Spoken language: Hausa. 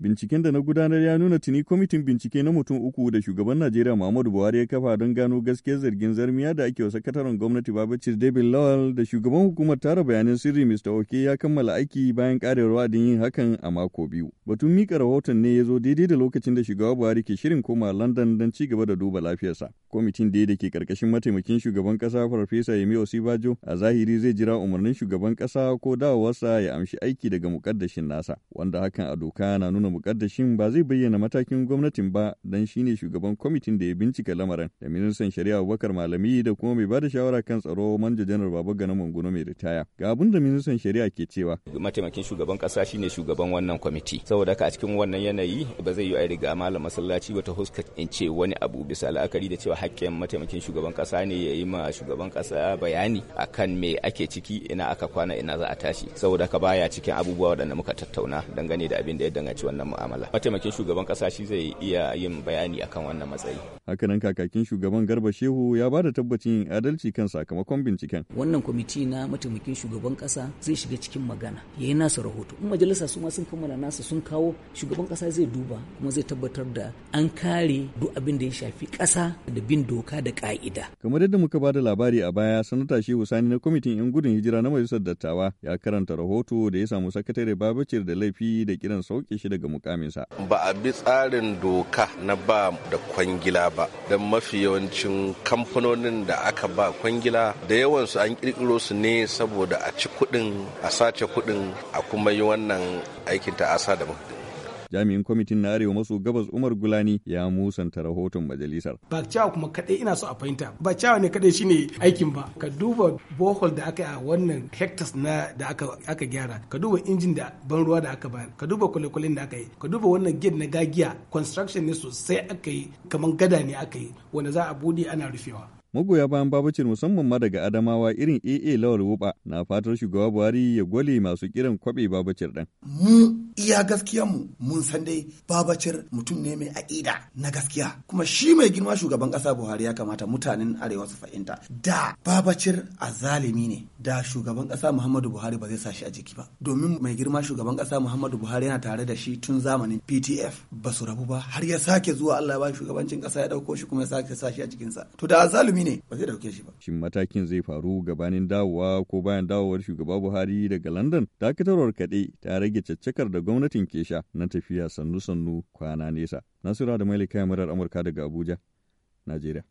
Binciken da na gudanar ya nuna tuni kwamitin bincike na mutum uku da shugaban Najeriya Muhammadu Buhari ya kafa don gano gaskiyar zargin zarmiya da ake wa sakataren gwamnati Babacir David Lawal da shugaban hukumar tara bayanan sirri Mr. Oke ya kammala aiki bayan karewar wa'adin yin hakan a mako biyu. Batun mika rahoton ne ya zo daidai da lokacin da shugaba Buhari ke shirin koma London don ci gaba da duba lafiyarsa. Kwamitin da da ke karkashin mataimakin shugaban kasa Farfesa Yemi Osibajo a zahiri zai jira umarnin shugaban kasa ko dawowarsa ya amshi aiki daga mukaddashin nasa wanda hakan a doka na nuna nuna mukaddashin ba zai bayyana matakin gwamnatin ba don shi ne shugaban kwamitin da ya bincika lamarin da ministan shari'a Abubakar Malami da kuma mai bada shawara kan tsaro manja janar Baba Gana Manguno mai ritaya. Ga abin da ministan shari'a ke cewa. Mataimakin shugaban kasa shine shugaban wannan kwamiti. Saboda ka a cikin wannan yanayi ba zai yi a riga malam masallaci ta huska in ce wani abu bisa la'akari da cewa hakkin mataimakin shugaban kasa ne ya yi ma shugaban kasa bayani a kan me ake ciki ina aka kwana ina za a tashi saboda ka baya cikin abubuwa waɗanda muka tattauna dangane da abin da ya danganci wannan wannan mu'amala mataimakin shugaban kasa shi zai iya yin bayani akan wannan matsayi hakanan kakakin shugaban garba shehu ya ba da tabbacin adalci kan sakamakon binciken wannan kwamiti na mataimakin shugaban kasa zai shiga cikin magana ya yi nasa rahoto in majalisa su ma sun kammala nasa sun kawo shugaban kasa zai duba kuma zai tabbatar da an kare duk abin da ya shafi kasa da bin doka da ka'ida kamar yadda muka ba da labari a baya sanata shehu sani na kwamitin yan gudun hijira na majalisar dattawa ya karanta rahoto da ya samu sakatare babacir da laifi da kiran sauke shi daga mukaminsa. Ba a bi tsarin doka na ba da kwangila ba don mafi yawancin kamfanonin da aka ba kwangila da yawansu an kirkiro su ne saboda a ci kuɗin a sace kuɗin a kuma yi wannan aikin ta'asa da mafi jami'in kwamitin na arewa maso gabas umar gulani ya musanta rahoton majalisar ba cewa kuma kadai ina so a fahimta ba cewa ne kadai shine aikin ba ka duba bohol da aka a wannan hectares na da aka gyara ka duba injin da ban ruwa da aka bayar ka duba kwalekwalen da aka yi ka duba wannan gate na gagiya construction ne sosai aka yi kamar gada ne aka yi wanda za a bude ana rufewa magoya bayan babacin musamman ma daga adamawa irin aa lawal wuba na fatar shugaba buhari ya gwale masu kiran kwabe babacin ɗan. mu iya mu mun san dai babacir mutum ne mai aƙida na gaskiya kuma shi mai girma shugaban ƙasa buhari ya kamata mutanen arewa su fahimta da babacir azalimi ne da shugaban ƙasa muhammadu buhari ba zai sa shi a jiki ba domin mai girma shugaban ƙasa muhammadu buhari yana tare da shi tun zamanin ptf ba su rabu ba har ya sake zuwa allah ya ba shugabancin ƙasa ya ɗauko shi kuma ya sake sa shi a jikinsa to da azalimi ne ba zai ɗauke shi ba shin matakin zai faru gabanin dawowa ko bayan dawowar shugaba buhari daga london dakatarwar kaɗai ta rage caccakar da gwamnatin ke sha na tafiya sannu-sannu kwana nesa. Nasura da Malika Murar Amurka daga Abuja, Najeriya.